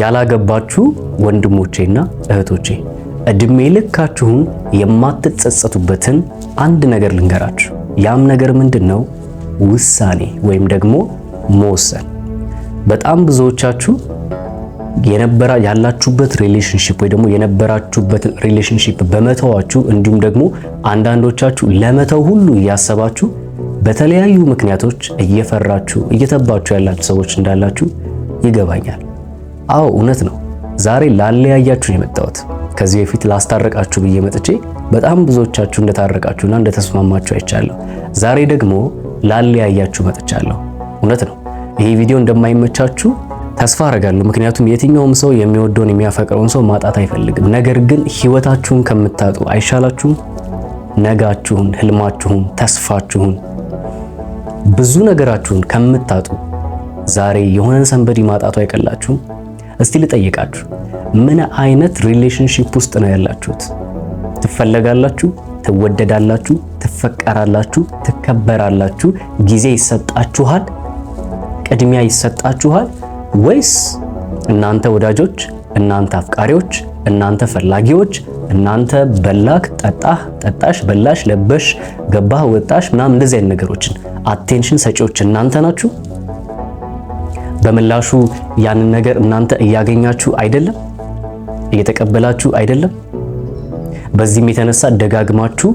ያላገባችሁ ወንድሞቼና እህቶቼ እድሜ ልካችሁን የማትጸጸቱበትን አንድ ነገር ልንገራችሁ። ያም ነገር ምንድን ነው? ውሳኔ ወይም ደግሞ መወሰን። በጣም ብዙዎቻችሁ የነበራ ያላችሁበት ሪሌሽንሽፕ ወይ ደግሞ የነበራችሁበት ሪሌሽንሽፕ በመተዋችሁ እንዲሁም ደግሞ አንዳንዶቻችሁ ለመተው ሁሉ እያሰባችሁ በተለያዩ ምክንያቶች እየፈራችሁ እየተባችሁ ያላችሁ ሰዎች እንዳላችሁ ይገባኛል። አዎ እውነት ነው። ዛሬ ላለያያችሁ የመጣሁት ከዚህ በፊት ላስታረቃችሁ ብዬ መጥቼ በጣም ብዙዎቻችሁ እንደታረቃችሁና እንደተስማማችሁ አይቻለሁ። ዛሬ ደግሞ ላለያያችሁ መጥቻለሁ። እውነት ነው። ይሄ ቪዲዮ እንደማይመቻችሁ ተስፋ አረጋለሁ። ምክንያቱም የትኛውም ሰው የሚወደውን የሚያፈቅረውን ሰው ማጣት አይፈልግም። ነገር ግን ህይወታችሁን ከምታጡ አይሻላችሁም? ነጋችሁን፣ ህልማችሁን፣ ተስፋችሁን፣ ብዙ ነገራችሁን ከምታጡ ዛሬ የሆነን ሰንበዲ ማጣቱ አይቀላችሁም? እስቲ ልጠይቃችሁ፣ ምን አይነት ሪሌሽንሺፕ ውስጥ ነው ያላችሁት? ትፈለጋላችሁ፣ ትወደዳላችሁ፣ ትፈቀራላችሁ፣ ትከበራላችሁ፣ ጊዜ ይሰጣችኋል፣ ቅድሚያ ይሰጣችኋል ወይስ እናንተ ወዳጆች፣ እናንተ አፍቃሪዎች፣ እናንተ ፈላጊዎች፣ እናንተ በላክ ጠጣህ፣ ጠጣሽ፣ በላሽ፣ ለበሽ፣ ገባህ፣ ወጣሽ ምናምን እንደዚህ አይነት ነገሮችን አቴንሽን ሰጪዎች እናንተ ናችሁ? በምላሹ ያንን ነገር እናንተ እያገኛችሁ አይደለም፣ እየተቀበላችሁ አይደለም። በዚህም የተነሳ ደጋግማችሁ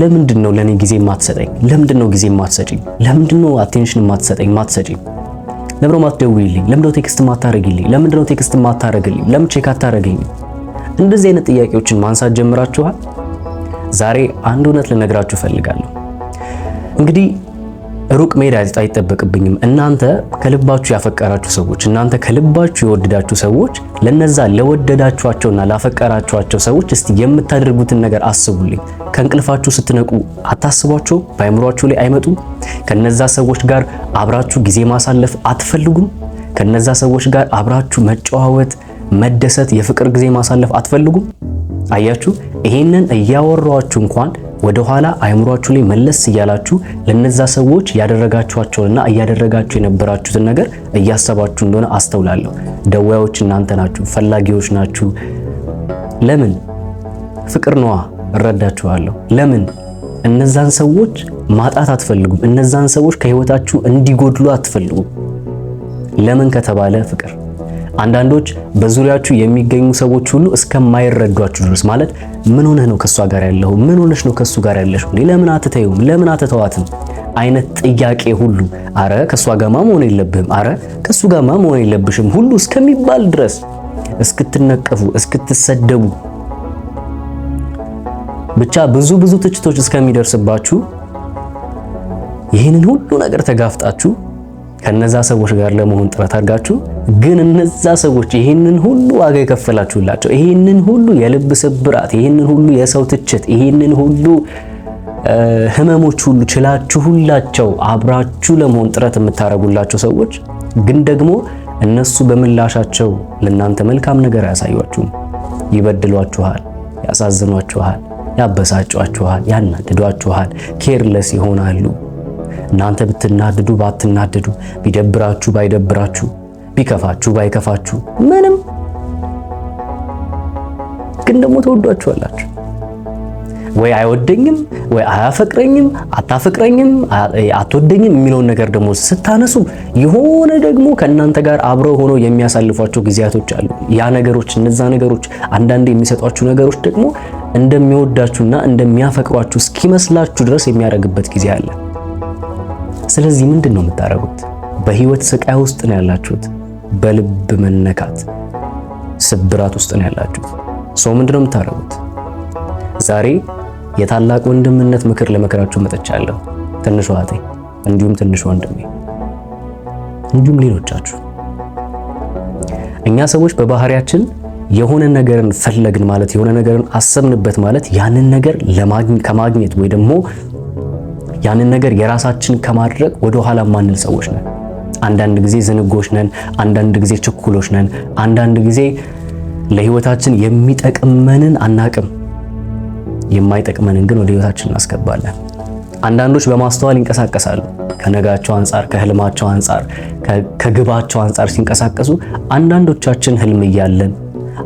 ለምንድን ነው ለኔ ጊዜ ማትሰጠኝ? ለምንድን ነው ጊዜ ማትሰጪኝ? ለምንድን ነው አቴንሽን ማትሰጠኝ ማትሰጪኝ? ለምን ነው ማትደውይልኝ? ለምን ነው ቴክስት ማታረግልኝ? ለምንድን ነው ቴክስት ማታረግልኝ? ለምን ቼክ አታረግልኝ? እንደዚህ አይነት ጥያቄዎችን ማንሳት ጀምራችኋል። ዛሬ አንድ እውነት ልነግራችሁ እፈልጋለሁ። እንግዲህ ሩቅ መሄድ አይጠበቅብኝም። እናንተ ከልባችሁ ያፈቀራችሁ ሰዎች፣ እናንተ ከልባችሁ የወደዳችሁ ሰዎች ለነዛ ለወደዳችኋቸውና ላፈቀራችኋቸው ሰዎች እስቲ የምታደርጉትን ነገር አስቡልኝ። ከእንቅልፋችሁ ስትነቁ አታስቧቸው? በአእምሯችሁ ላይ አይመጡም? ከነዛ ሰዎች ጋር አብራችሁ ጊዜ ማሳለፍ አትፈልጉም? ከነዛ ሰዎች ጋር አብራችሁ መጨዋወት፣ መደሰት፣ የፍቅር ጊዜ ማሳለፍ አትፈልጉም? አያችሁ፣ ይሄንን እያወራችሁ እንኳን ወደ ኋላ አይምሯችሁ ላይ መለስ እያላችሁ ለነዛ ሰዎች ያደረጋችኋቸውንና እያደረጋችሁ የነበራችሁትን ነገር እያሰባችሁ እንደሆነ አስተውላለሁ። ደዋዮች እናንተ ናችሁ፣ ፈላጊዎች ናችሁ። ለምን? ፍቅር ነዋ። እረዳችኋለሁ። ለምን እነዛን ሰዎች ማጣት አትፈልጉም? እነዛን ሰዎች ከህይወታችሁ እንዲጎድሉ አትፈልጉም። ለምን ከተባለ ፍቅር አንዳንዶች በዙሪያችሁ የሚገኙ ሰዎች ሁሉ እስከማይረዷችሁ ድረስ ማለት ምን ሆነህ ነው ከሷ ጋር ያለው? ምን ሆነሽ ነው ከሱ ጋር ያለሽ? እንዴ ለምን አትተዩም? ለምን አትተዋትም? አይነት ጥያቄ ሁሉ አረ ከሷ ጋርማ መሆን የለብህም፣ አረ ከሱ ጋማ መሆን የለብሽም ሁሉ እስከሚባል ድረስ እስክትነቀፉ፣ እስክትሰደቡ ብቻ ብዙ ብዙ ትችቶች እስከሚደርስባችሁ ይህንን ሁሉ ነገር ተጋፍጣችሁ ከነዛ ሰዎች ጋር ለመሆን ጥረት አድርጋችሁ ግን እነዛ ሰዎች ይህንን ሁሉ ዋጋ የከፈላችሁላቸው ይህንን ሁሉ የልብ ስብራት፣ ይህንን ሁሉ የሰው ትችት፣ ይህንን ሁሉ ህመሞች ሁሉ ችላችሁላቸው አብራችሁ ለመሆን ጥረት የምታደርጉላቸው ሰዎች ግን ደግሞ እነሱ በምላሻቸው ለእናንተ መልካም ነገር አያሳዩአችሁም። ይበድሏችኋል፣ ያሳዝኗችኋል፣ ያበሳጯችኋል፣ ያናድዷችኋል፣ ኬርለስ ይሆናሉ። እናንተ ብትናድዱ ባትናደዱ ቢደብራችሁ ባይደብራችሁ ቢከፋችሁ ባይከፋችሁ ምንም ግን ደግሞ ተወዷችኋላችሁ። ወይ አይወደኝም ወይ አያፈቅረኝም፣ አታፈቅረኝም፣ አትወደኝም የሚለውን ነገር ደግሞ ስታነሱ የሆነ ደግሞ ከእናንተ ጋር አብረው ሆነው የሚያሳልፏቸው ጊዜያቶች አሉ። ያ ነገሮች እነዛ ነገሮች አንዳንድ የሚሰጧችሁ ነገሮች ደግሞ እንደሚወዳችሁና እንደሚያፈቅሯችሁ እስኪመስላችሁ ድረስ የሚያደርግበት ጊዜ አለ። ስለዚህ ምንድን ነው የምታደርጉት? በህይወት ስቃይ ውስጥ ነው ያላችሁት። በልብ መነካት ስብራት ውስጥ ነው ያላችሁት። ሰው ምንድነው የምታደርጉት? ዛሬ የታላቅ ወንድምነት ምክር ለመከራችሁ መጥቻለሁ። ትንሿ እህቴ እንዲሁም ትንሽ ወንድሜ እንዲሁም ሌሎቻችሁ እኛ ሰዎች በባህሪያችን የሆነ ነገርን ፈለግን ማለት የሆነ ነገርን አሰብንበት ማለት ያንን ነገር ከማግኘት ወይ ደግሞ ያንን ነገር የራሳችን ከማድረግ ወደ ኋላ ማንል ሰዎች ነን። አንዳንድ ጊዜ ዝንጎች ነን፣ አንዳንድ ጊዜ ችኩሎች ነን፣ አንዳንድ ጊዜ ለህይወታችን የሚጠቅመንን አናቅም፣ የማይጠቅመንን ግን ወደ ህይወታችን እናስገባለን። አንዳንዶች በማስተዋል ይንቀሳቀሳሉ። ከነጋቸው አንጻር፣ ከህልማቸው አንጻር፣ ከግባቸው አንጻር ሲንቀሳቀሱ፣ አንዳንዶቻችን ህልም እያለን፣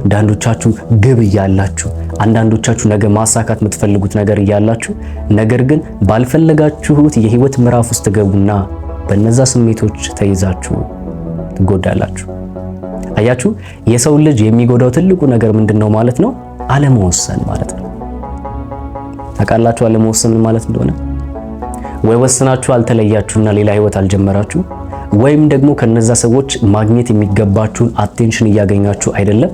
አንዳንዶቻችሁ ግብ እያላችሁ፣ አንዳንዶቻችሁ ነገ ማሳካት የምትፈልጉት ነገር እያላችሁ ነገር ግን ባልፈለጋችሁት የህይወት ምዕራፍ ውስጥ ገቡና በእነዛ ስሜቶች ተይዛችሁ ትጎዳላችሁ። አያችሁ፣ የሰው ልጅ የሚጎዳው ትልቁ ነገር ምንድነው ማለት ነው? አለመወሰን ማለት ነው። ታውቃላችሁ አለመወሰን ማለት እንደሆነ? ወይ ወስናችሁ አልተለያችሁና ሌላ ህይወት አልጀመራችሁ፣ ወይም ደግሞ ከነዛ ሰዎች ማግኘት የሚገባችሁን አቴንሽን እያገኛችሁ አይደለም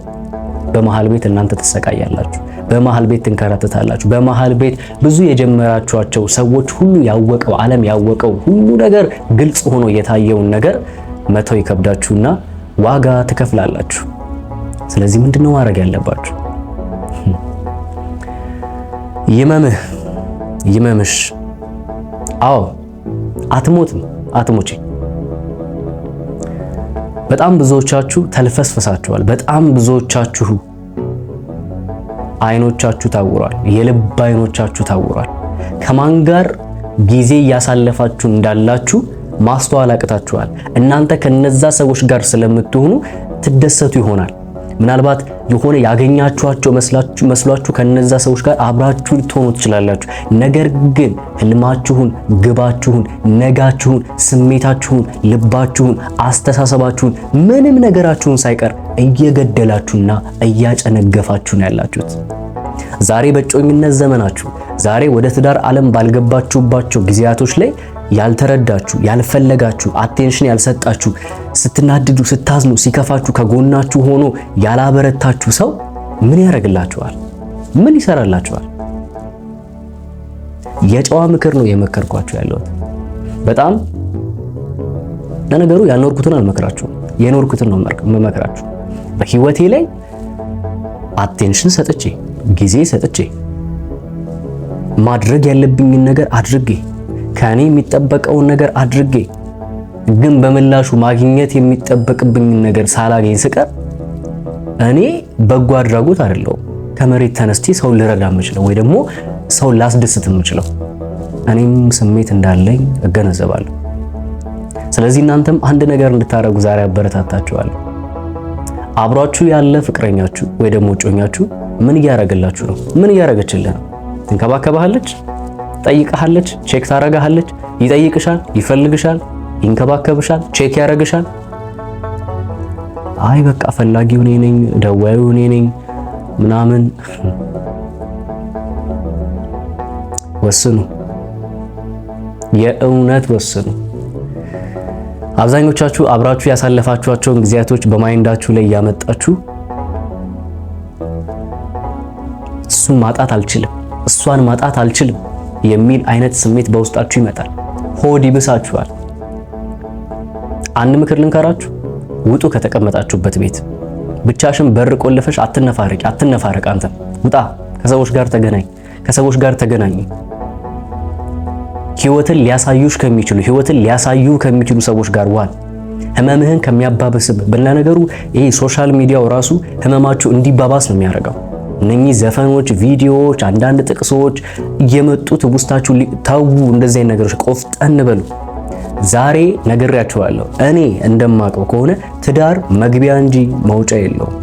በመሃል ቤት እናንተ ትሰቃያላችሁ፣ በመሃል ቤት ትንከራተታላችሁ። በመሃል ቤት ብዙ የጀመራችኋቸው ሰዎች ሁሉ ያወቀው ዓለም ያወቀው ሁሉ ነገር ግልጽ ሆኖ የታየውን ነገር መተው ይከብዳችሁና ዋጋ ትከፍላላችሁ። ስለዚህ ምንድነው ማድረግ ያለባችሁ? ይመምህ ይመምሽ። አዎ አትሞትም፣ አትሞቼ በጣም ብዙዎቻችሁ ተልፈስፈሳችኋል። በጣም ብዙዎቻችሁ አይኖቻችሁ ታውሯል። የልብ አይኖቻችሁ ታውሯል። ከማን ጋር ጊዜ እያሳለፋችሁ እንዳላችሁ ማስተዋል አቅታችኋል። እናንተ ከነዛ ሰዎች ጋር ስለምትሆኑ ትደሰቱ ይሆናል ምናልባት የሆነ ያገኛችኋቸው መስሏችሁ ከነዛ ሰዎች ጋር አብራችሁ ልትሆኑ ትችላላችሁ። ነገር ግን ህልማችሁን፣ ግባችሁን፣ ነጋችሁን፣ ስሜታችሁን፣ ልባችሁን፣ አስተሳሰባችሁን፣ ምንም ነገራችሁን ሳይቀር እየገደላችሁና እያጨነገፋችሁ ነው ያላችሁት። ዛሬ በጮኝነት ዘመናችሁ ዛሬ ወደ ትዳር ዓለም ባልገባችሁባቸው ጊዜያቶች ላይ ያልተረዳችሁ፣ ያልፈለጋችሁ፣ አቴንሽን ያልሰጣችሁ፣ ስትናድዱ፣ ስታዝኑ፣ ሲከፋችሁ ከጎናችሁ ሆኖ ያላበረታችሁ ሰው ምን ያደርግላችኋል? ምን ይሰራላችኋል? የጨዋ ምክር ነው የመከርኳችሁ ያለሁት። በጣም ለነገሩ ያልኖርኩትን አልመክራችሁም፣ የኖርኩትን ነው መመክራችሁ። በህይወቴ ላይ አቴንሽን ሰጥቼ ጊዜ ሰጥቼ ማድረግ ያለብኝን ነገር አድርጌ ከእኔ የሚጠበቀውን ነገር አድርጌ ግን በምላሹ ማግኘት የሚጠበቅብኝን ነገር ሳላገኝ ስቀር እኔ በጎ አድራጎት አይደለሁም። ከመሬት ተነስቼ ሰው ልረዳ የምችለው ወይ ደግሞ ሰው ላስደስት የምችለው እኔም ስሜት እንዳለኝ እገነዘባለሁ። ስለዚህ እናንተም አንድ ነገር እንድታደርጉ ዛሬ አበረታታችኋለሁ። አብሯችሁ ያለ ፍቅረኛችሁ ወይ ደግሞ እጮኛችሁ ምን እያደረገላችሁ ነው? ምን እያደረገችልህ ነው? ትንከባከባሃለች? ጠይቀሃለች፣ ቼክ ታረጋሃለች፣ ይጠይቅሻል፣ ይፈልግሻል፣ ይንከባከብሻል፣ ቼክ ያረግሻል። አይ በቃ ፈላጊው እኔ ነኝ፣ ደዋዩ እኔ ነኝ ምናምን። ወስኑ፣ የእውነት ወስኑ። አብዛኞቻችሁ አብራችሁ ያሳለፋችኋቸውን ጊዜያቶች በማይንዳችሁ ላይ እያመጣችሁ እሱን ማጣት አልችልም፣ እሷን ማጣት አልችልም የሚል አይነት ስሜት በውስጣችሁ ይመጣል። ሆድ ይብሳችኋል። አንድ ምክር ልንከራችሁ፣ ውጡ ከተቀመጣችሁበት ቤት። ብቻሽን በር ቆልፈሽ አትነፋረቂ፣ አትነፋረቅ። አንተ ውጣ፣ ከሰዎች ጋር ተገናኝ፣ ከሰዎች ጋር ተገናኝ። ህይወትን ሊያሳዩሽ ከሚችሉ ህይወትን ሊያሳዩ ከሚችሉ ሰዎች ጋር ዋል። ህመምህን ከሚያባብስብ በእና ነገሩ ይሄ ሶሻል ሚዲያው ራሱ ህመማችሁ እንዲባባስ ነው የሚያደርገው። እነኚህ ዘፈኖች፣ ቪዲዮዎች፣ አንዳንድ ጥቅሶች እየመጡ ትውስታችሁ ተዉ። እንደዚህ አይነት ነገሮች ቆፍጠን በሉ። ዛሬ ነግሬያችኋለሁ። እኔ እንደማውቀው ከሆነ ትዳር መግቢያ እንጂ መውጫ የለውም።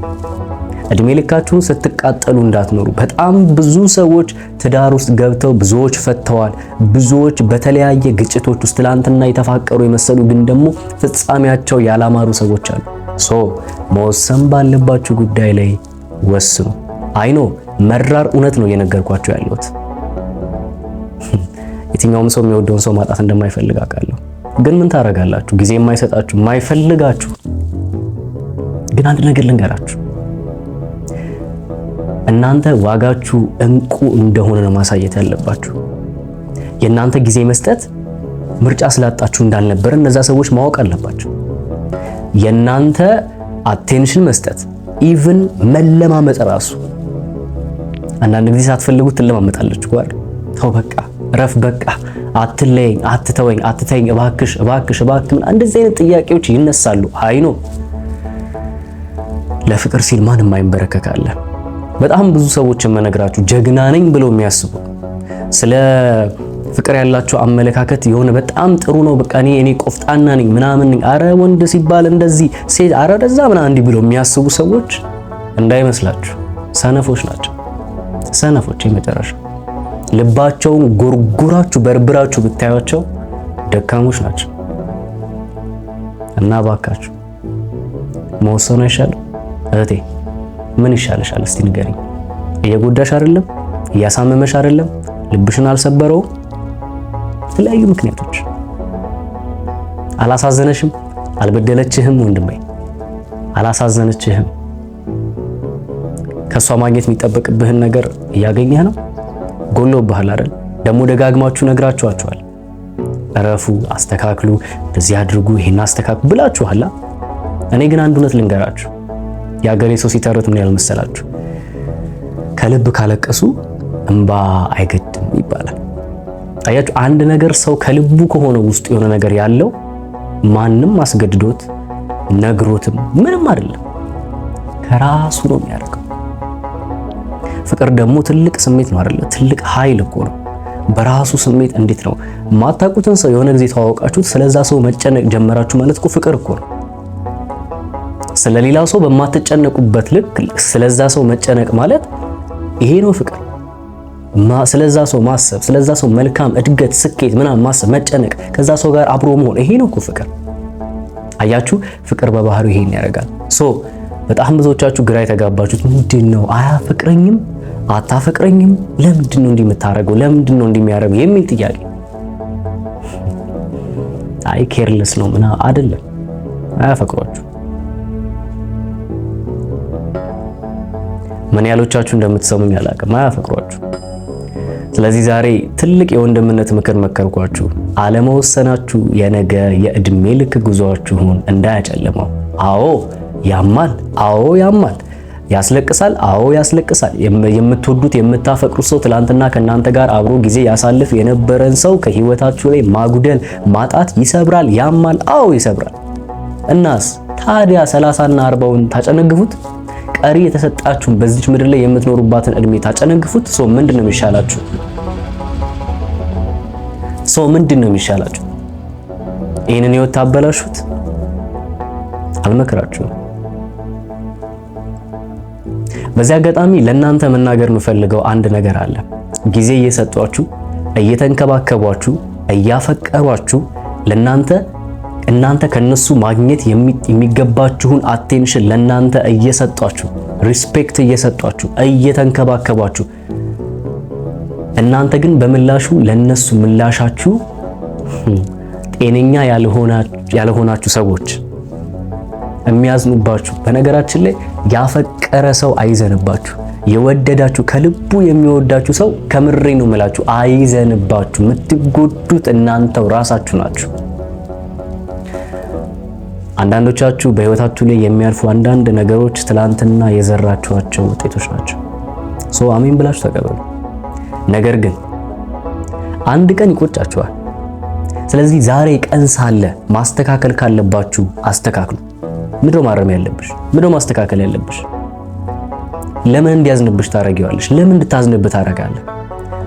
እድሜ ልካችሁን ስትቃጠሉ እንዳትኖሩ። በጣም ብዙ ሰዎች ትዳር ውስጥ ገብተው ብዙዎች ፈተዋል። ብዙዎች በተለያየ ግጭቶች ውስጥ ትላንትና የተፋቀሩ የመሰሉ ግን ደግሞ ፍጻሜያቸው ያላማሩ ሰዎች አሉ። ሶ መወሰን ባለባችሁ ጉዳይ ላይ ወስኑ። አይኖ መራር እውነት ነው እየነገርኳቸው ያለሁት። የትኛውም ሰው የሚወደውን ሰው ማጣት እንደማይፈልግ አውቃለሁ። ግን ምን ታደርጋላችሁ? ጊዜ የማይሰጣችሁ የማይፈልጋችሁ። ግን አንድ ነገር ልንገራችሁ፣ እናንተ ዋጋችሁ እንቁ እንደሆነ ነው ማሳየት ያለባችሁ። የእናንተ ጊዜ መስጠት ምርጫ ስላጣችሁ እንዳልነበረ እነዛ ሰዎች ማወቅ አለባቸው። የእናንተ አቴንሽን መስጠት ኢቭን መለማመጥ ራሱ አንዳንድ ጊዜ ሳትፈልጉት ትለማመጣለች። ጓል ተው በቃ ረፍ በቃ አትለየኝ፣ አትተወኝ፣ አትተኝ እባክሽ፣ እባክሽ፣ እባክህ። እንደዚህ አይነት ጥያቄዎች ይነሳሉ። አይ ነው ለፍቅር ሲል ማንም አይንበረከካለ። በጣም ብዙ ሰዎች የምነግራችሁ ጀግና ነኝ ብለው የሚያስቡ ስለ ፍቅር ያላቸው አመለካከት የሆነ በጣም ጥሩ ነው። በቃ እኔ እኔ ቆፍጣና ነኝ ምናምን ነኝ፣ አረ ወንድ ሲባል እንደዚህ ሴት፣ አረ ደዛ ምናምን እንዲህ ብለው የሚያስቡ ሰዎች እንዳይመስላችሁ፣ ሰነፎች ናቸው። ሰነፎች የመጨረሻ ልባቸውን ጎርጉራችሁ በርብራችሁ ብታያቸው ደካሞች ናቸው እና እባካችሁ መወሰኑ አይሻልም? እህቴ ምን ይሻልሻል? እስቲ ንገሪኝ። እየጎዳሽ አይደለም? እያሳመመሽ አይደለም? ልብሽን አልሰበረውም? የተለያዩ ምክንያቶች አላሳዘነሽም? አልበደለችህም? ወንድሜ አላሳዘነችህም? ከእሷ ማግኘት የሚጠበቅብህን ነገር እያገኘህ ነው። ጎሎብሃል አይደል? ደግሞ ደጋግማችሁ ነግራችኋችኋል። እረፉ፣ አስተካክሉ፣ እንደዚህ አድርጉ፣ ይሄን አስተካክሉ ብላችኋላ። እኔ ግን አንድ እውነት ልንገራችሁ። የአገሬ ሰው ሲተርት ምን ያል መሰላችሁ? ከልብ ካለቀሱ እንባ አይገድም ይባላል። አያችሁ፣ አንድ ነገር ሰው ከልቡ ከሆነ ውስጥ የሆነ ነገር ያለው ማንም አስገድዶት ነግሮትም ምንም አይደለም ከራሱ ነው የሚያደርገው። ፍቅር ደግሞ ትልቅ ስሜት ነው አይደለ? ትልቅ ኃይል እኮ ነው በራሱ ስሜት። እንዴት ነው ማታቁትን ሰው የሆነ ጊዜ ተዋወቃችሁት፣ ስለዛ ሰው መጨነቅ ጀመራችሁ ማለት እኮ ፍቅር እኮ ነው። ስለሌላው ሰው በማትጨነቁበት ልክ ስለዛ ሰው መጨነቅ ማለት ይሄ ነው ፍቅር። ስለዛ ሰው ማሰብ፣ ስለዛ ሰው መልካም እድገት፣ ስኬት ምናምን ማሰብ፣ መጨነቅ፣ ከዛ ሰው ጋር አብሮ መሆን ይሄ ነው እኮ ፍቅር። አያችሁ፣ ፍቅር በባህሪው ይሄን ያደርጋል። ሶ በጣም ብዙዎቻችሁ ግራ የተጋባችሁት ምንድን ነው አያፈቅረኝም አታፈቅረኝም? ለምንድን ነው እንዲህ የምታደርገው? ለምንድን ነው እንዲህ የሚያደርገው የሚል ጥያቄ። አይ ኬርለስ ነው ምና አይደለም፣ አያፈቅሯችሁ። ምን ያሎቻችሁ እንደምትሰሙኝ አላውቅም፣ አያፈቅሯችሁ። ስለዚህ ዛሬ ትልቅ የወንድምነት ምክር መከርኳችሁ። አለመወሰናችሁ የነገ የእድሜ ልክ ጉዟችሁን እንዳያጨልመው። አዎ ያማል፣ አዎ ያማል ያስለቅሳል። አዎ ያስለቅሳል። የምትወዱት የምታፈቅሩት ሰው ትላንትና ከእናንተ ጋር አብሮ ጊዜ ያሳልፍ የነበረን ሰው ከህይወታችሁ ላይ ማጉደል ማጣት ይሰብራል፣ ያማል። አዎ ይሰብራል። እናስ ታዲያ ሰላሳና አርባውን ታጨነግፉት? ቀሪ የተሰጣችሁን በዚች ምድር ላይ የምትኖሩባትን እድሜ ታጨነግፉት? ሰው ምንድን ነው የሚሻላችሁ? ሰው ምንድን ነው የሚሻላችሁ? ይህንን ህይወት ታበላሹት? አልመክራችሁም። በዚህ አጋጣሚ ለእናንተ መናገር የምፈልገው አንድ ነገር አለ። ጊዜ እየሰጧችሁ፣ እየተንከባከቧችሁ፣ እያፈቀሯችሁ ለእናንተ እናንተ ከነሱ ማግኘት የሚገባችሁን አቴንሽን ለእናንተ እየሰጧችሁ፣ ሪስፔክት እየሰጧችሁ፣ እየተንከባከቧችሁ እናንተ ግን በምላሹ ለነሱ ምላሻችሁ ጤነኛ ያልሆናችሁ ሰዎች የሚያዝኑባችሁ በነገራችን ላይ ያፈቀረ ሰው አይዘንባችሁ። የወደዳችሁ ከልቡ የሚወዳችሁ ሰው ከምሬ ነው የምላችሁ፣ አይዘንባችሁ። የምትጎዱት እናንተው ራሳችሁ ናችሁ። አንዳንዶቻችሁ በህይወታችሁ ላይ የሚያልፉ አንዳንድ ነገሮች ትላንትና የዘራችኋቸው ውጤቶች ናቸው። ሶ አሜን ብላችሁ ተቀበሉ። ነገር ግን አንድ ቀን ይቆጫችኋል። ስለዚህ ዛሬ ቀን ሳለ ማስተካከል ካለባችሁ አስተካክሉ። ምድሮ ማረም ያለብሽ? ምድሮ ማስተካከል ያለብሽ? ለምን እንዲያዝንብሽ ታረጊዋለሽ? ለምን እንድታዝንብ ታረጋለህ?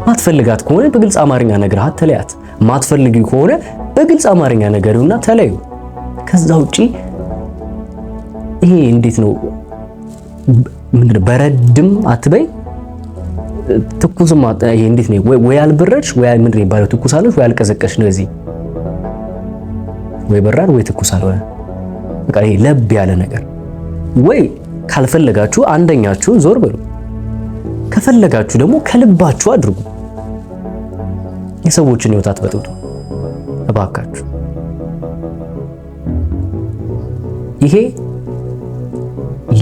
ማትፈልጋት ከሆነ በግልጽ አማርኛ ነገር ተለያት። ማትፈልጊው ከሆነ በግልጽ አማርኛ ነገሪውና ተለዩ። ከዛ ውጪ ይሄ እንዴት ነው? ምንድነው በረድም አትበይ ትኩስም ይሄ እንዴት ነው? ወይ አልበረድሽ ወይ ምንድነው የሚባለው? ትኩስ አለሽ ወይ አልቀዘቀሽ ነው እዚህ ወይ በራድ ወይ ትኩስ አልሆነ በቃ ይሄ ለብ ያለ ነገር ወይ ካልፈለጋችሁ አንደኛችሁ ዞር ብሉ ከፈለጋችሁ ደግሞ ከልባችሁ አድርጉ። የሰዎችን ህይወት አትበጥብጡ እባካችሁ። ይሄ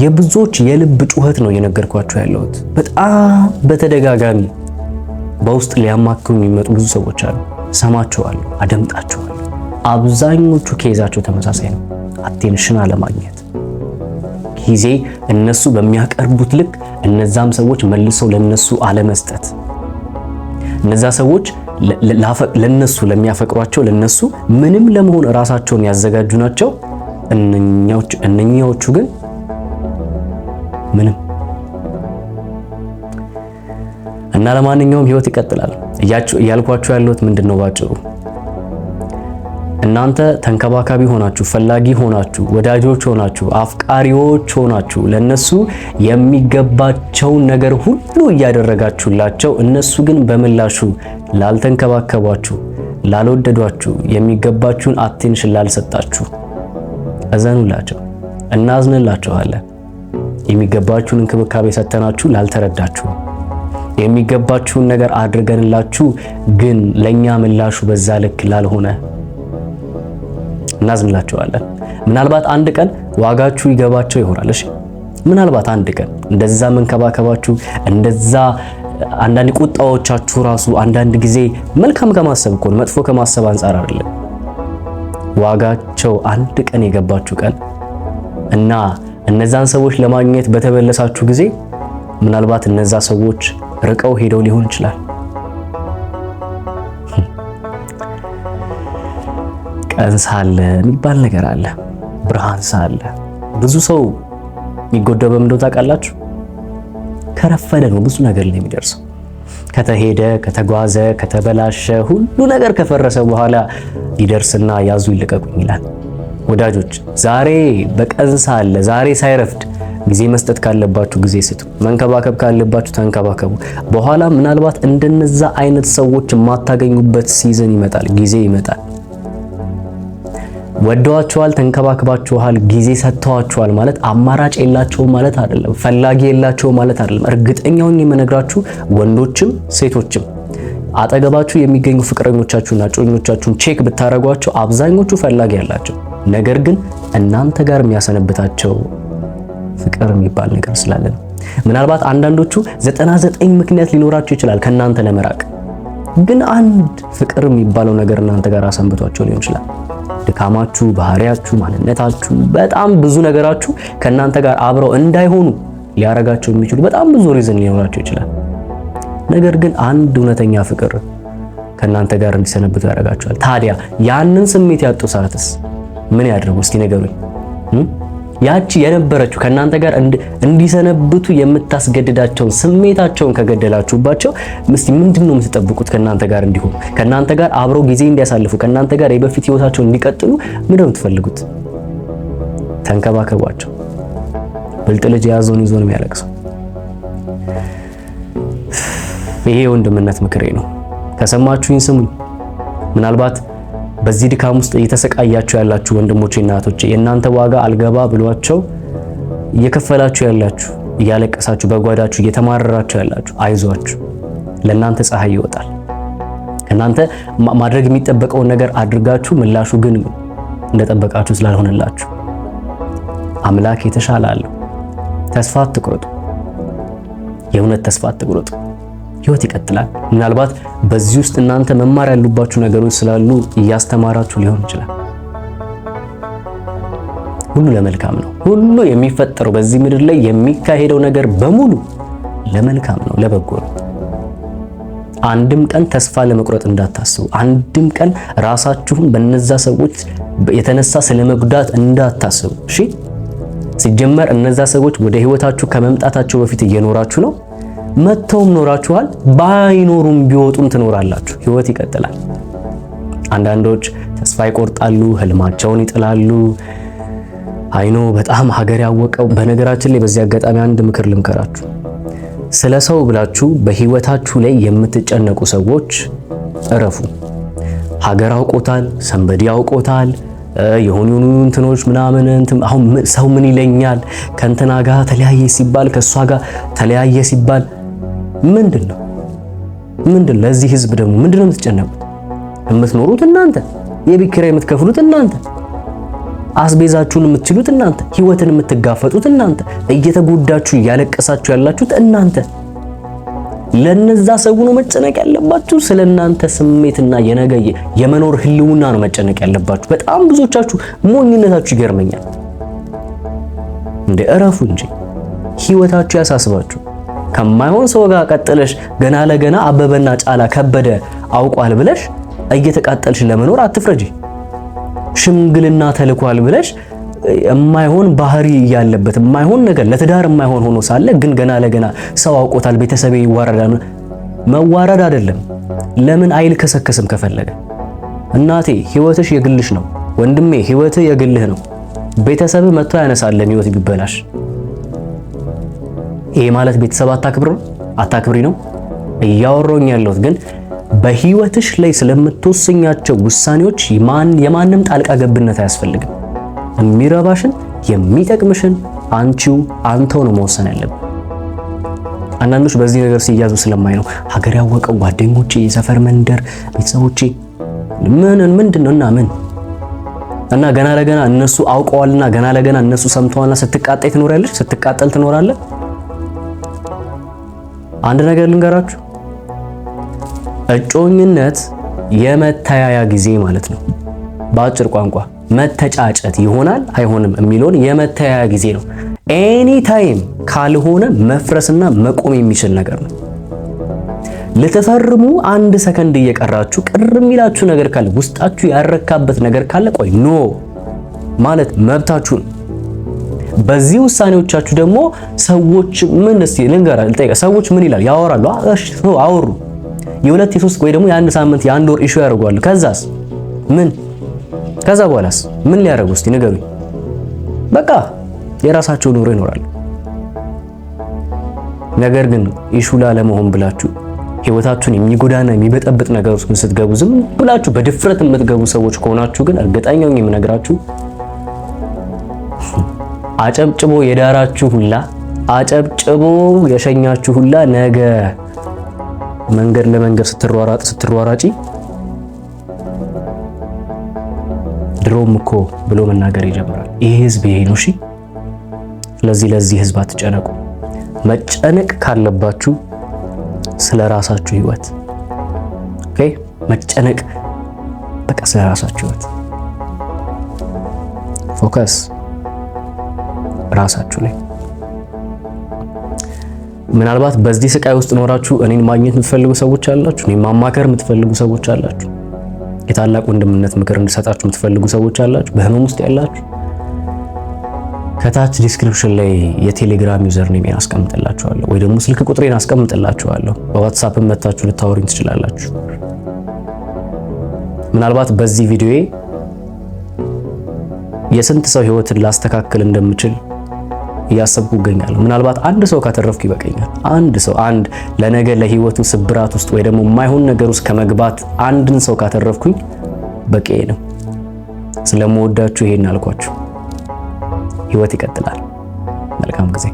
የብዙዎች የልብ ጩኸት ነው እየነገርኳችሁ ያለሁት። በጣም በተደጋጋሚ በውስጥ ሊያማክሩኝ የሚመጡ ብዙ ሰዎች አሉ። አደምጣቸው አደምጣቸዋለሁ። አብዛኞቹ ከይዛቸው ተመሳሳይ ነው። አቴንሽን አለማግኘት ጊዜ እነሱ በሚያቀርቡት ልክ እነዛም ሰዎች መልሰው ለነሱ አለመስጠት እነዛ ሰዎች ለነሱ ለሚያፈቅሯቸው ለነሱ ምንም ለመሆን ራሳቸውን ያዘጋጁ ናቸው። እነኛዎቹ ግን ምንም እና ለማንኛውም ህይወት ይቀጥላል እያልኳችሁ ያለሁት ምንድን ነው ባጭሩ እናንተ ተንከባካቢ ሆናችሁ ፈላጊ ሆናችሁ ወዳጆች ሆናችሁ አፍቃሪዎች ሆናችሁ ለነሱ የሚገባቸውን ነገር ሁሉ እያደረጋችሁላቸው እነሱ ግን በምላሹ ላልተንከባከቧችሁ፣ ላልወደዷችሁ፣ የሚገባችሁን አቴንሽን ላልሰጣችሁ እዘኑላቸው፣ እናዝንላቸዋለን። የሚገባችሁን እንክብካቤ ሰጥተናችሁ ላልተረዳችሁ የሚገባችሁን ነገር አድርገንላችሁ ግን ለእኛ ምላሹ በዛ ልክ ላልሆነ እናዝንላቸዋለን። ምናልባት አንድ ቀን ዋጋችሁ ይገባቸው ይሆናል። እሺ፣ ምናልባት አንድ ቀን እንደዛ መንከባከባችሁ እንደዛ አንዳንድ ቁጣዎቻችሁ ራሱ አንዳንድ ጊዜ መልካም ከማሰብ እኮ ነው፣ መጥፎ ከማሰብ አንጻር አይደለም። ዋጋቸው አንድ ቀን የገባችሁ ቀን እና እነዛን ሰዎች ለማግኘት በተመለሳችሁ ጊዜ ምናልባት እነዛ ሰዎች ርቀው ሄደው ሊሆን ይችላል። ቀን ሳለ የሚባል ነገር አለ፣ ብርሃን ሳለ። ብዙ ሰው የሚጎዳው በምን ታውቃላችሁ? ከረፈደ ነው ብዙ ነገር ላይ የሚደርሰው። ከተሄደ፣ ከተጓዘ፣ ከተበላሸ፣ ሁሉ ነገር ከፈረሰ በኋላ ይደርስና ያዙ ይልቀቁኝ ይላል። ወዳጆች ዛሬ በቀን ሳለ ዛሬ ሳይረፍድ ጊዜ መስጠት ካለባችሁ ጊዜ ስጡ። መንከባከብ ካለባችሁ ተንከባከቡ። በኋላ ምናልባት እንደነዛ አይነት ሰዎች የማታገኙበት ሲዝን ይመጣል፣ ጊዜ ይመጣል። ወደዋቸዋል፣ ተንከባክባችኋል፣ ጊዜ ሰጥተዋችኋል ማለት አማራጭ የላቸውም ማለት አይደለም። ፈላጊ የላቸው ማለት አይደለም። እርግጠኛውን የምነግራችሁ ወንዶችም ሴቶችም አጠገባችሁ የሚገኙ ፍቅረኞቻችሁና ጮኞቻችሁን ቼክ ብታደረጓቸው አብዛኞቹ ፈላጊ ያላቸው፣ ነገር ግን እናንተ ጋር የሚያሰነብታቸው ፍቅር የሚባል ነገር ስላለ ነው። ምናልባት አንዳንዶቹ 99 ምክንያት ሊኖራቸው ይችላል ከእናንተ ለመራቅ፣ ግን አንድ ፍቅር የሚባለው ነገር እናንተ ጋር አሰንብቷቸው ሊሆን ይችላል። ድካማችሁ፣ ባህሪያችሁ፣ ማንነታችሁ፣ በጣም ብዙ ነገራችሁ ከእናንተ ጋር አብረው እንዳይሆኑ ሊያረጋቸው የሚችሉ በጣም ብዙ ሪዝን ሊኖራቸው ይችላል። ነገር ግን አንድ እውነተኛ ፍቅር ከእናንተ ጋር እንዲሰነብቱ ያደርጋቸዋል። ታዲያ ያንን ስሜት ያጡ ሰዓትስ ምን ያድርጉ? እስኪ ነገሩኝ። ያቺ የነበረችው ከእናንተ ጋር እንዲሰነብቱ የምታስገድዳቸውን ስሜታቸውን ከገደላችሁባቸው እስቲ ምንድን ነው የምትጠብቁት? ከእናንተ ጋር እንዲሆኑ፣ ከእናንተ ጋር አብረው ጊዜ እንዲያሳልፉ፣ ከእናንተ ጋር የበፊት ህይወታቸውን እንዲቀጥሉ ምንድን ነው የምትፈልጉት? ተንከባከቧቸው። ብልጥ ልጅ የያዘውን ይዞ ነው የሚያለቅሰው። ይሄ የወንድምነት ምክሬ ነው። ከሰማችሁኝ ስሙኝ። ምናልባት በዚህ ድካም ውስጥ እየተሰቃያችሁ ያላችሁ እና እህቶቼ የእናንተ ዋጋ አልገባ ብሏቸው እየከፈላችሁ ያላችሁ እያለቀሳችሁ በጓዳችሁ እየተማረራችሁ ያላችሁ አይዟችሁ፣ ለእናንተ ፀሐይ ይወጣል። ከእናንተ ማድረግ የሚጠበቀውን ነገር አድርጋችሁ ምላሹ ግን እንደጠበቃችሁ ስላልሆነላችሁ አምላክ የተሻለ አለው። ተስፋ አትቁረጡ። የእውነት ተስፋ አትቁረጡ። ህይወት ይቀጥላል። ምናልባት በዚህ ውስጥ እናንተ መማር ያሉባችሁ ነገሮች ስላሉ እያስተማራችሁ ሊሆን ይችላል። ሁሉ ለመልካም ነው። ሁሉ የሚፈጠረው በዚህ ምድር ላይ የሚካሄደው ነገር በሙሉ ለመልካም ነው፣ ለበጎ ነው። አንድም ቀን ተስፋ ለመቁረጥ እንዳታስቡ። አንድም ቀን ራሳችሁን በነዛ ሰዎች የተነሳ ስለመጉዳት እንዳታስቡ። እሺ። ሲጀመር እነዛ ሰዎች ወደ ህይወታችሁ ከመምጣታቸው በፊት እየኖራችሁ ነው። መጥተውም ኖራችኋል። ባይኖሩም ቢወጡም ትኖራላችሁ። ህይወት ይቀጥላል። አንዳንዶች ተስፋ ይቆርጣሉ፣ ህልማቸውን ይጥላሉ። አይኖ በጣም ሀገር ያወቀው። በነገራችን ላይ በዚህ አጋጣሚ አንድ ምክር ልምከራችሁ። ስለ ሰው ብላችሁ በህይወታችሁ ላይ የምትጨነቁ ሰዎች እረፉ። ሀገር አውቆታል፣ ሰንበዲ አውቆታል፣ የሆኑ የሆኑ እንትኖች ምናምን አሁን ሰው ምን ይለኛል ከእንትና ጋር ተለያየ ሲባል ከእሷ ጋር ተለያየ ሲባል ምንድን ነው ምንድን ለዚህ ህዝብ ደግሞ ምንድን ነው የምትጨነቁት? የምትኖሩት እናንተ፣ የቤት ኪራይ የምትከፍሉት እናንተ፣ አስቤዛችሁን የምትችሉት እናንተ፣ ህይወትን የምትጋፈጡት እናንተ፣ እየተጎዳችሁ እያለቀሳችሁ ያላችሁት እናንተ። ለነዛ ሰው ነው መጨነቅ ያለባችሁ። ስለ እናንተ ስሜትና የነገ የመኖር ህልውና ነው መጨነቅ ያለባችሁ። በጣም ብዙዎቻችሁ ሞኝነታችሁ ይገርመኛል። እንደ እረፉ እንጂ ህይወታችሁ ያሳስባችሁ ከማይሆን ሰው ጋር ቀጥለሽ ገና ለገና አበበና ጫላ ከበደ አውቋል ብለሽ እየተቃጠልሽ ለመኖር አትፍረጂ። ሽምግልና ተልኳል ብለሽ የማይሆን ባህሪ ያለበት የማይሆን ነገር ለትዳር የማይሆን ሆኖ ሳለ ግን ገና ለገና ሰው አውቆታል፣ ቤተሰቤ ይዋረዳል። መዋረድ አይደለም። ለምን አይልከሰከስም? ከፈለገ እናቴ ህይወትሽ የግልሽ ነው። ወንድሜ ህይወትህ የግልህ ነው። ቤተሰብ መጥቶ ያነሳለን ህይወት ቢበላሽ ይሄ ማለት ቤተሰብ አታክብር አታክብሪ ነው እያወራሁኝ ያለሁት ግን በህይወትሽ ላይ ስለምትወስኛቸው ውሳኔዎች የማንም ጣልቃ ገብነት አያስፈልግም። የሚረባሽን የሚጠቅምሽን አንቺው አንተው ነው መወሰን ያለብን። አንዳንዶች በዚህ ነገር ሲያዙ ስለማይ ነው ሀገር ያወቀው ጓደኞቼ፣ የሰፈር መንደር ቤተሰቦቼ ምንን ምንድን ነው እና ምን እና ገና ለገና እነሱ አውቀዋልና ገና ለገና እነሱ ሰምተዋልና ስትቃጠል ትኖራለች ስትቃጠል ትኖራለህ። አንድ ነገር ልንገራችሁ፣ እጮኝነት የመተያያ ጊዜ ማለት ነው። በአጭር ቋንቋ መተጫጨት ይሆናል አይሆንም የሚለውን የመተያያ ጊዜ ነው። ኤኒ ታይም ካልሆነ መፍረስና መቆም የሚችል ነገር ነው። ልትፈርሙ አንድ ሰከንድ እየቀራችሁ ቅር የሚላችሁ ነገር ካለ፣ ውስጣችሁ ያረካበት ነገር ካለ ቆይ ኖ ማለት መብታችሁ ነው። በዚህ ውሳኔዎቻችሁ ደግሞ ሰዎች ምን እስቲ ልንገራ ልጠይቀ ሰዎች ምን ይላል ያወራሉ። እሺ አወሩ። የሁለት የሶስት ወይ ደግሞ የአንድ ሳምንት የአንድ ወር ኢሹ ያደርጓሉ። ከዛስ ምን ከዛ በኋላስ ምን ሊያደርጉ እስቲ ንገሩኝ። በቃ የራሳቸው ኑሮ ይኖራሉ። ነገር ግን ኢሹ ላለመሆን ብላችሁ ህይወታችሁን የሚጎዳና የሚበጠብጥ ነገር ውስጥ ስትገቡ ዝም ብላችሁ በድፍረት የምትገቡ ሰዎች ከሆናችሁ ግን እርግጠኛው የምነግራችሁ አጨብጭቦ የዳራችሁ ሁላ አጨብጭቦ የሸኛችሁ ሁላ ነገ መንገድ ለመንገድ ስትሯራጥ ስትሯራጪ ድሮም እኮ ብሎ መናገር ይጀምራል። ይሄ ህዝብ ይሄ ነው። እሺ፣ ስለዚህ ለዚህ ህዝብ አትጨነቁ። መጨነቅ ካለባችሁ ስለ ራሳችሁ ህይወት ኦኬ፣ መጨነቅ በቃ ስለ ራሳችሁ ህይወት ፎከስ ራሳችሁ ላይ። ምናልባት በዚህ ስቃይ ውስጥ ኖራችሁ እኔን ማግኘት የምትፈልጉ ሰዎች አላችሁ። እኔን ማማከር የምትፈልጉ ሰዎች አላችሁ። የታላቅ ወንድምነት ምክር እንድሰጣችሁ የምትፈልጉ ሰዎች አላችሁ። በህመም ውስጥ ያላችሁ ከታች ዲስክሪፕሽን ላይ የቴሌግራም ዩዘር ኔም አስቀምጥላችኋለሁ፣ ወይ ደግሞ ስልክ ቁጥሬን አስቀምጥላችኋለሁ። በዋትሳፕ መታችሁ ልታወሩኝ ትችላላችሁ። ምናልባት በዚህ ቪዲዮ የስንት ሰው ህይወትን ላስተካክል እንደምችል እያሰብኩ እገኛለሁ። ምናልባት አንድ ሰው ካተረፍኩ ይበቃኛል። አንድ ሰው አንድ ለነገ ለህይወቱ ስብራት ውስጥ ወይ ደግሞ የማይሆን ነገር ውስጥ ከመግባት አንድን ሰው ካተረፍኩኝ በቂ ነው። ስለምወዳችሁ ይሄን አልኳችሁ። ህይወት ይቀጥላል። መልካም ጊዜ